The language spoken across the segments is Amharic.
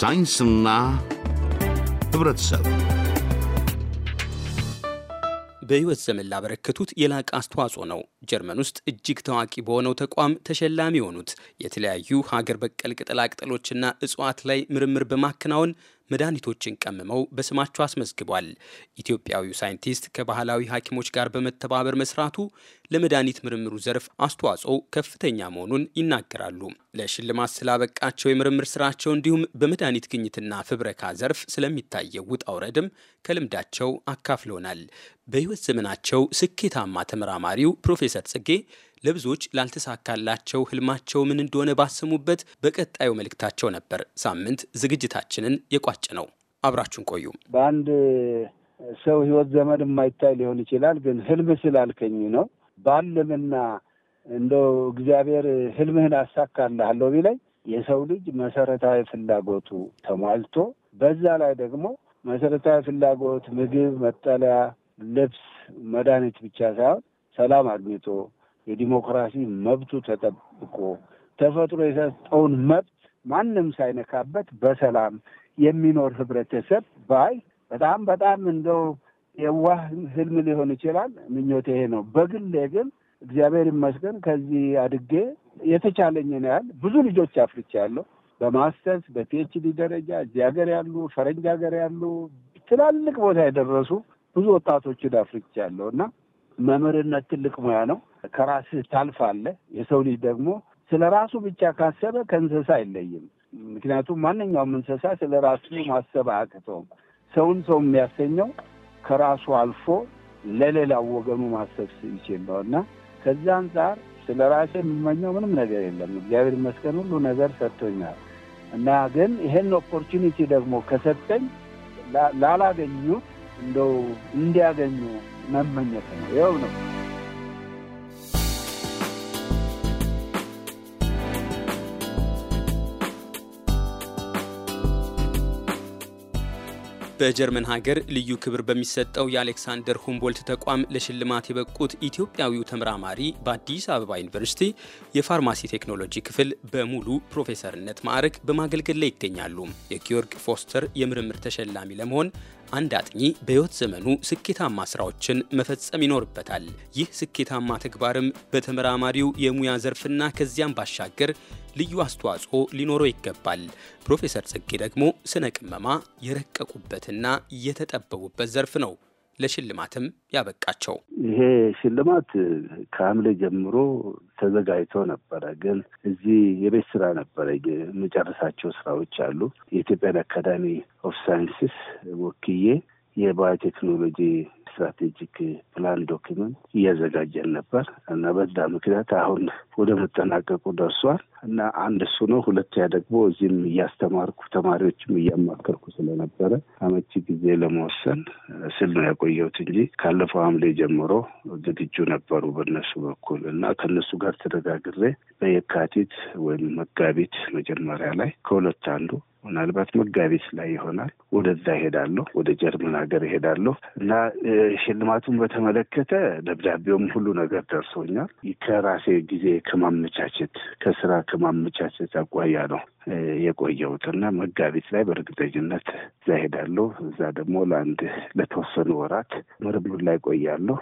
ሳይንስና ህብረተሰብ በሕይወት ዘመን ላበረከቱት የላቀ አስተዋጽኦ ነው ጀርመን ውስጥ እጅግ ታዋቂ በሆነው ተቋም ተሸላሚ የሆኑት የተለያዩ ሀገር በቀል ቅጠላቅጠሎችና እጽዋት ላይ ምርምር በማከናወን መድኃኒቶችን ቀምመው በስማቸው አስመዝግቧል። ኢትዮጵያዊው ሳይንቲስት ከባህላዊ ሐኪሞች ጋር በመተባበር መስራቱ ለመድኃኒት ምርምሩ ዘርፍ አስተዋጽኦ ከፍተኛ መሆኑን ይናገራሉ። ለሽልማት ስላበቃቸው የምርምር ስራቸው እንዲሁም በመድኃኒት ግኝትና ፍብረካ ዘርፍ ስለሚታየው ውጣ ውረድም ከልምዳቸው አካፍለውናል። በህይወት ዘመናቸው ስኬታማ ተመራማሪው ፕሮፌ ፕሮፌሰር ጽጌ ለብዙዎች ላልተሳካላቸው ህልማቸው ምን እንደሆነ ባሰሙበት በቀጣዩ መልእክታቸው ነበር። ሳምንት ዝግጅታችንን የቋጭ ነው። አብራችሁን ቆዩ። በአንድ ሰው ህይወት ዘመን የማይታይ ሊሆን ይችላል። ግን ህልም ስላልከኝ ነው ባለምና እንደው እግዚአብሔር ህልምህን አሳካልሃለሁ ቢለኝ የሰው ልጅ መሰረታዊ ፍላጎቱ ተሟልቶ በዛ ላይ ደግሞ መሰረታዊ ፍላጎት ምግብ፣ መጠለያ፣ ልብስ፣ መድኃኒት ብቻ ሳይሆን ሰላም አግኝቶ የዲሞክራሲ መብቱ ተጠብቆ ተፈጥሮ የሰጠውን መብት ማንም ሳይነካበት በሰላም የሚኖር ህብረተሰብ ባይ በጣም በጣም እንደው የዋህ ህልም ሊሆን ይችላል። ምኞት ይሄ ነው። በግሌ ግን እግዚአብሔር ይመስገን ከዚህ አድጌ የተቻለኝን ያህል ብዙ ልጆች አፍርቻለሁ። በማስተርስ በፒኤችዲ ደረጃ እዚህ ሀገር ያሉ ፈረንጅ ሀገር ያሉ ትላልቅ ቦታ የደረሱ ብዙ ወጣቶችን አፍርቻለሁ እና መምህርነት ትልቅ ሙያ ነው። ከራስህ ታልፋለህ። የሰው ልጅ ደግሞ ስለ ራሱ ብቻ ካሰበ ከእንስሳ አይለይም። ምክንያቱም ማንኛውም እንስሳ ስለ ራሱ ማሰብ አያቅተውም። ሰውን ሰው የሚያሰኘው ከራሱ አልፎ ለሌላው ወገኑ ማሰብ ሲችል ነው እና ከዚህ አንጻር ስለ ራሴ የምመኘው ምንም ነገር የለም። እግዚአብሔር ይመስገን ሁሉ ነገር ሰጥቶኛል እና ግን ይሄን ኦፖርቹኒቲ ደግሞ ከሰጠኝ ላላገኙ እንደው እንዲያገኙ መመኘት ነው። ይው ነው። በጀርመን ሀገር ልዩ ክብር በሚሰጠው የአሌክሳንደር ሁምቦልት ተቋም ለሽልማት የበቁት ኢትዮጵያዊው ተመራማሪ በአዲስ አበባ ዩኒቨርሲቲ የፋርማሲ ቴክኖሎጂ ክፍል በሙሉ ፕሮፌሰርነት ማዕረግ በማገልገል ላይ ይገኛሉ። የጊዮርግ ፎስተር የምርምር ተሸላሚ ለመሆን አንድ አጥኚ በሕይወት ዘመኑ ስኬታማ ስራዎችን መፈጸም ይኖርበታል። ይህ ስኬታማ ተግባርም በተመራማሪው የሙያ ዘርፍና ከዚያም ባሻገር ልዩ አስተዋጽኦ ሊኖረው ይገባል። ፕሮፌሰር ጽጌ ደግሞ ስነ ቅመማ የረቀቁበትና የተጠበቡበት ዘርፍ ነው። ለሽልማትም ያበቃቸው። ይሄ ሽልማት ከሐምሌ ጀምሮ ተዘጋጅቶ ነበረ፣ ግን እዚህ የቤት ስራ ነበረ። የምጨርሳቸው ስራዎች አሉ። የኢትዮጵያን አካዳሚ ኦፍ ሳይንስስ ወክዬ የባዮቴክኖሎጂ ስትራቴጂክ ፕላን ዶክመንት እያዘጋጀን ነበር እና በዛ ምክንያት አሁን ወደ መጠናቀቁ ደርሷል እና አንድ እሱ ነው። ሁለተኛ ደግሞ እዚህም እያስተማርኩ ተማሪዎችም እያማከርኩ ስለነበረ አመቺ ጊዜ ለመወሰን ስል ነው ያቆየሁት እንጂ ካለፈው ሐምሌ ጀምሮ ዝግጁ ነበሩ በነሱ በኩል እና ከነሱ ጋር ተደጋግሬ በየካቲት ወይም መጋቢት መጀመሪያ ላይ ከሁለት አንዱ ምናልባት መጋቢት ላይ ይሆናል። ወደዛ እሄዳለሁ፣ ወደ ጀርመን ሀገር እሄዳለሁ እና ሽልማቱን በተመለከተ ደብዳቤውም ሁሉ ነገር ደርሶኛል። ከራሴ ጊዜ ከማመቻቸት ከስራ ከማመቻቸት አኳያ ነው እና መጋቢት ላይ በእርግጠኝነት እዛ ሄዳለሁ። እዛ ደግሞ ለአንድ ለተወሰኑ ወራት ምርምር ላይ ቆያለሁ።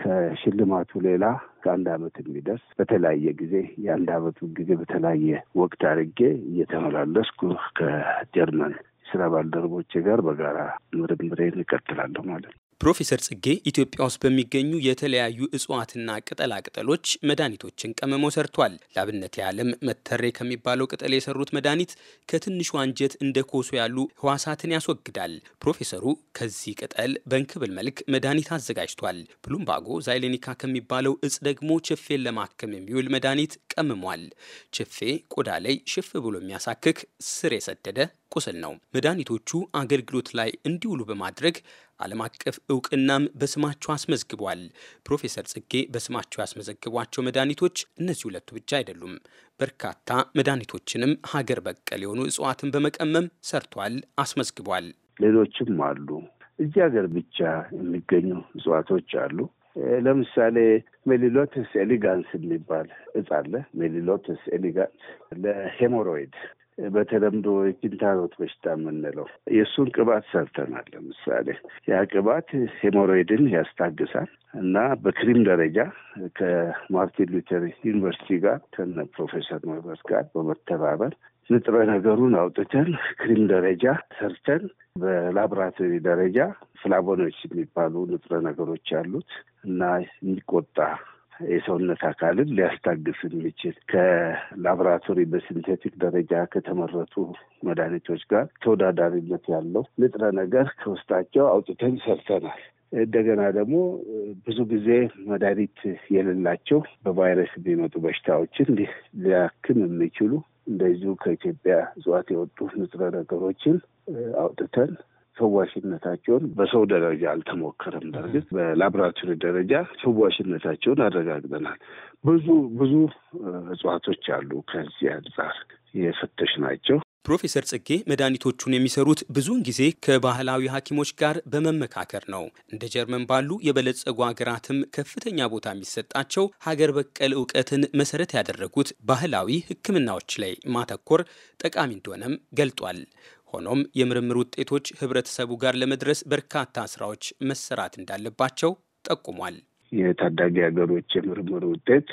ከሽልማቱ ሌላ ከአንድ አመት የሚደርስ በተለያየ ጊዜ የአንድ አመቱ ጊዜ በተለያየ ወቅት አድርጌ እየተመላለስኩ ከጀርመን ስራ ባልደረቦቼ ጋር በጋራ ምርምሬን እቀጥላለሁ ማለት ነው። ፕሮፌሰር ጽጌ ኢትዮጵያ ውስጥ በሚገኙ የተለያዩ እጽዋትና ቅጠላቅጠሎች መድኃኒቶችን ቀመመው ሰርቷል። ለአብነት የዓለም መተሬ ከሚባለው ቅጠል የሰሩት መድኃኒት ከትንሹ አንጀት እንደ ኮሶ ያሉ ህዋሳትን ያስወግዳል። ፕሮፌሰሩ ከዚህ ቅጠል በእንክብል መልክ መድኃኒት አዘጋጅቷል። ፕሉምባጎ ዛይሌኒካ ከሚባለው እጽ ደግሞ ችፌን ለማከም የሚውል መድኃኒት ቀምሟል። ችፌ ቆዳ ላይ ሽፍ ብሎ የሚያሳክክ ስር የሰደደ ቁስል ነው። መድኃኒቶቹ አገልግሎት ላይ እንዲውሉ በማድረግ ዓለም አቀፍ እውቅናም በስማቸው አስመዝግቧል። ፕሮፌሰር ጽጌ በስማቸው ያስመዘግቧቸው መድኃኒቶች እነዚህ ሁለቱ ብቻ አይደሉም። በርካታ መድኃኒቶችንም ሀገር በቀል የሆኑ እጽዋትን በመቀመም ሰርቷል፣ አስመዝግቧል። ሌሎችም አሉ። እዚህ ሀገር ብቻ የሚገኙ እጽዋቶች አሉ። ለምሳሌ ሜሊሎትስ ኤሊጋንስ የሚባል እጽ አለ። ሜሊሎትስ ኤሊጋንስ ለሄሞሮይድ በተለምዶ የኪንታሮት በሽታ የምንለው የእሱን ቅባት ሰርተናል። ለምሳሌ ያ ቅባት ሄሞሮይድን ያስታግሳል እና በክሪም ደረጃ ከማርቲን ሉተር ዩኒቨርሲቲ ጋር ከነ ፕሮፌሰር መብረት ጋር በመተባበር ንጥረ ነገሩን አውጥተን ክሪም ደረጃ ሰርተን በላብራቶሪ ደረጃ ፍላቦኖች የሚባሉ ንጥረ ነገሮች ያሉት እና የሚቆጣ የሰውነት አካልን ሊያስታግስ የሚችል ከላቦራቶሪ በሲንቴቲክ ደረጃ ከተመረቱ መድኃኒቶች ጋር ተወዳዳሪነት ያለው ንጥረ ነገር ከውስጣቸው አውጥተን ሰርተናል። እንደገና ደግሞ ብዙ ጊዜ መድኃኒት የሌላቸው በቫይረስ የሚመጡ በሽታዎችን ሊያክም የሚችሉ እንደዚሁ ከኢትዮጵያ እጽዋት የወጡ ንጥረ ነገሮችን አውጥተን ሰዋሽነታቸውን በሰው ደረጃ አልተሞከረም። በእርግጥ በላቦራቶሪ ደረጃ ሰዋሽነታቸውን አረጋግጠናል። ብዙ ብዙ እጽዋቶች አሉ ከዚህ አንጻር የፈተሽ ናቸው። ፕሮፌሰር ጽጌ መድኃኒቶቹን የሚሰሩት ብዙውን ጊዜ ከባህላዊ ሐኪሞች ጋር በመመካከር ነው። እንደ ጀርመን ባሉ የበለጸጉ ሀገራትም ከፍተኛ ቦታ የሚሰጣቸው ሀገር በቀል እውቀትን መሰረት ያደረጉት ባህላዊ ሕክምናዎች ላይ ማተኮር ጠቃሚ እንደሆነም ገልጧል። ሆኖም የምርምር ውጤቶች ህብረተሰቡ ጋር ለመድረስ በርካታ ስራዎች መሰራት እንዳለባቸው ጠቁሟል። የታዳጊ ሀገሮች የምርምር ውጤት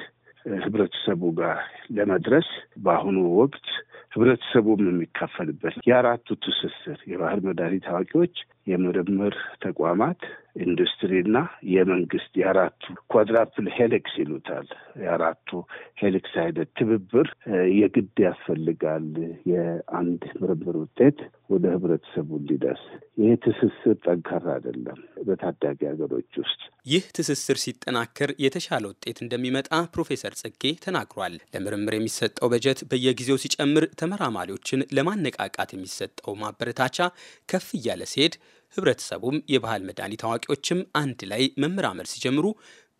ህብረተሰቡ ጋር ለመድረስ በአሁኑ ወቅት ህብረተሰቡም የሚካፈልበት የአራቱ ትስስር የባህር መድኃኒት አዋቂዎች የምርምር ተቋማት ኢንዱስትሪና የመንግስት የአራቱ ኳድራፕል ሄሊክስ ይሉታል። የአራቱ ሄሊክስ አይነት ትብብር የግድ ያስፈልጋል። የአንድ ምርምር ውጤት ወደ ህብረተሰቡ እንዲደርስ ይህ ትስስር ጠንካራ አይደለም በታዳጊ ሀገሮች ውስጥ። ይህ ትስስር ሲጠናከር የተሻለ ውጤት እንደሚመጣ ፕሮፌሰር ጽጌ ተናግሯል። ለምርምር የሚሰጠው በጀት በየጊዜው ሲጨምር፣ ተመራማሪዎችን ለማነቃቃት የሚሰጠው ማበረታቻ ከፍ እያለ ሲሄድ ህብረተሰቡም የባህል መድኃኒት አዋቂዎችም አንድ ላይ መመራመር ሲጀምሩ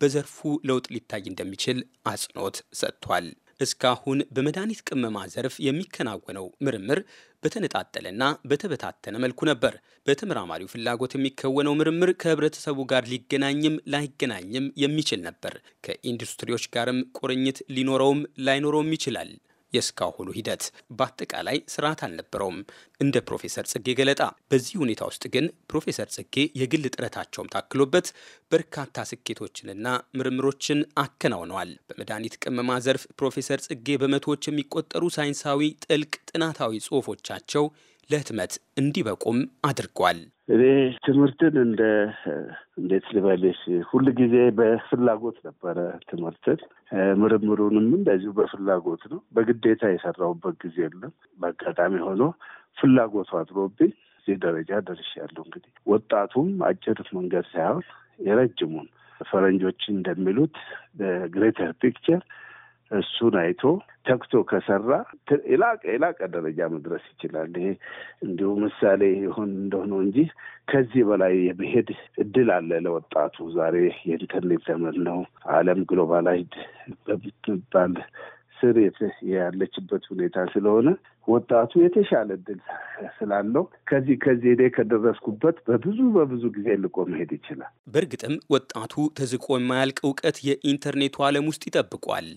በዘርፉ ለውጥ ሊታይ እንደሚችል አጽንኦት ሰጥቷል። እስካሁን በመድኃኒት ቅመማ ዘርፍ የሚከናወነው ምርምር በተነጣጠለና በተበታተነ መልኩ ነበር። በተመራማሪው ፍላጎት የሚከወነው ምርምር ከህብረተሰቡ ጋር ሊገናኝም ላይገናኝም የሚችል ነበር። ከኢንዱስትሪዎች ጋርም ቁርኝት ሊኖረውም ላይኖረውም ይችላል። የስካሁሉ ሂደት በአጠቃላይ ስርዓት አልነበረውም። እንደ ፕሮፌሰር ጽጌ ገለጣ በዚህ ሁኔታ ውስጥ ግን ፕሮፌሰር ጽጌ የግል ጥረታቸውም ታክሎበት በርካታ ስኬቶችንና ምርምሮችን አከናውነዋል። በመድኃኒት ቅመማ ዘርፍ ፕሮፌሰር ጽጌ በመቶዎች የሚቆጠሩ ሳይንሳዊ ጥልቅ ጥናታዊ ጽሑፎቻቸው ለህትመት እንዲበቁም አድርጓል። እኔ ትምህርትን እንደ እንዴት ልበልሽ ሁል ጊዜ በፍላጎት ነበረ ትምህርትን ምርምሩንም እንደዚሁ በፍላጎት ነው። በግዴታ የሰራሁበት ጊዜ የለም። በአጋጣሚ ሆኖ ፍላጎቱ አድሮብኝ እዚህ ደረጃ ደርሻለሁ። እንግዲህ ወጣቱም አጭር መንገድ ሳይሆን የረጅሙን ፈረንጆች እንደሚሉት ግሬተር ፒክቸር እሱን አይቶ ተክቶ ከሰራ የላቀ የላቀ ደረጃ መድረስ ይችላል። ይሄ እንዲሁ ምሳሌ የሆን እንደሆነ እንጂ ከዚህ በላይ የመሄድ እድል አለ ለወጣቱ። ዛሬ የኢንተርኔት ዘመን ነው። ዓለም ግሎባላይድ በምትባል ስር ያለችበት ሁኔታ ስለሆነ ወጣቱ የተሻለ እድል ስላለው ከዚህ ከዚህ ሄደ ከደረስኩበት በብዙ በብዙ ጊዜ ልቆ መሄድ ይችላል። በእርግጥም ወጣቱ ተዝቆ የማያልቅ እውቀት የኢንተርኔቱ ዓለም ውስጥ ይጠብቋል።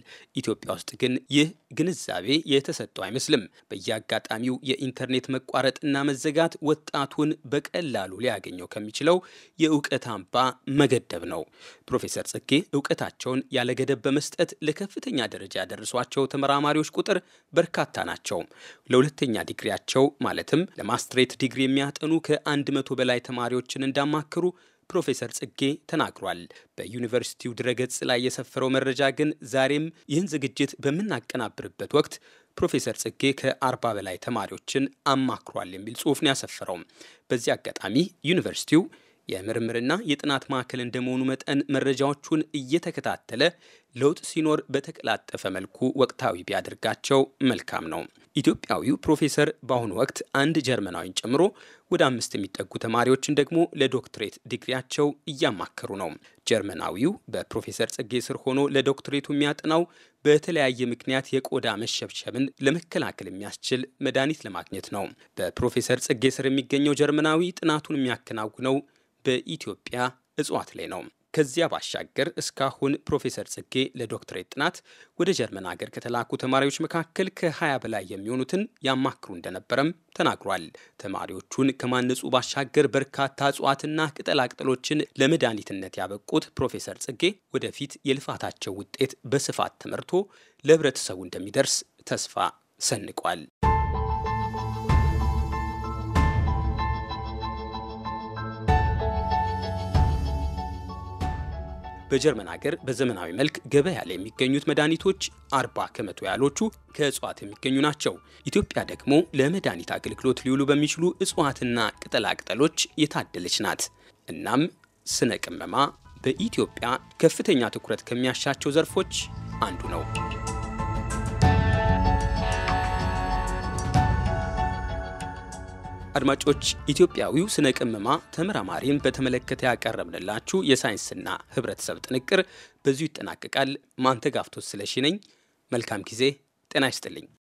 ኢትዮጵያ ውስጥ ግን ይህ ግንዛቤ የተሰጠው አይመስልም። በየአጋጣሚው የኢንተርኔት መቋረጥና መዘጋት ወጣቱን በቀላሉ ሊያገኘው ከሚችለው የእውቀት አምባ መገደብ ነው። ፕሮፌሰር ጽጌ እውቀታቸውን ያለገደብ በመስጠት ለከፍተኛ ደረጃ ያደረሷቸው ተመራማሪዎች ቁጥር በርካታ ናቸው። ለሁለተኛ ዲግሪያቸው ማለትም ለማስትሬት ዲግሪ የሚያጠኑ ከአንድ መቶ በላይ ተማሪዎችን እንዳማከሩ ፕሮፌሰር ጽጌ ተናግሯል። በዩኒቨርሲቲው ድረገጽ ላይ የሰፈረው መረጃ ግን ዛሬም ይህን ዝግጅት በምናቀናብርበት ወቅት ፕሮፌሰር ጽጌ ከአርባ በላይ ተማሪዎችን አማክሯል የሚል ጽሑፍ ነው ያሰፈረው። በዚህ አጋጣሚ ዩኒቨርሲቲው የምርምርና የጥናት ማዕከል እንደመሆኑ መጠን መረጃዎቹን እየተከታተለ ለውጥ ሲኖር በተቀላጠፈ መልኩ ወቅታዊ ቢያደርጋቸው መልካም ነው። ኢትዮጵያዊው ፕሮፌሰር በአሁኑ ወቅት አንድ ጀርመናዊን ጨምሮ ወደ አምስት የሚጠጉ ተማሪዎችን ደግሞ ለዶክትሬት ዲግሪያቸው እያማከሩ ነው። ጀርመናዊው በፕሮፌሰር ጽጌ ስር ሆኖ ለዶክትሬቱ የሚያጠናው በተለያየ ምክንያት የቆዳ መሸብሸብን ለመከላከል የሚያስችል መድኃኒት ለማግኘት ነው። በፕሮፌሰር ጽጌ ስር የሚገኘው ጀርመናዊ ጥናቱን የሚያከናውነው በኢትዮጵያ እጽዋት ላይ ነው። ከዚያ ባሻገር እስካሁን ፕሮፌሰር ጽጌ ለዶክትሬት ጥናት ወደ ጀርመን ሀገር ከተላኩ ተማሪዎች መካከል ከ20 በላይ የሚሆኑትን ያማክሩ እንደነበረም ተናግሯል። ተማሪዎቹን ከማነጹ ባሻገር በርካታ እጽዋትና ቅጠላቅጠሎችን ለመድኃኒትነት ያበቁት ፕሮፌሰር ጽጌ ወደፊት የልፋታቸው ውጤት በስፋት ተመርቶ ለህብረተሰቡ እንደሚደርስ ተስፋ ሰንቋል። በጀርመን ሀገር በዘመናዊ መልክ ገበያ ላይ የሚገኙት መድኃኒቶች አርባ ከመቶ ያህሎቹ ከእጽዋት የሚገኙ ናቸው። ኢትዮጵያ ደግሞ ለመድኃኒት አገልግሎት ሊውሉ በሚችሉ እጽዋትና ቅጠላቅጠሎች የታደለች ናት። እናም ስነ ቅመማ በኢትዮጵያ ከፍተኛ ትኩረት ከሚያሻቸው ዘርፎች አንዱ ነው። አድማጮች፣ ኢትዮጵያዊው ስነ ቅመማ ተመራማሪን በተመለከተ ያቀረብንላችሁ የሳይንስና ህብረተሰብ ጥንቅር በዚሁ ይጠናቀቃል። ማንተጋፍቶት ስለሺ ነኝ። መልካም ጊዜ። ጤና ይስጥልኝ።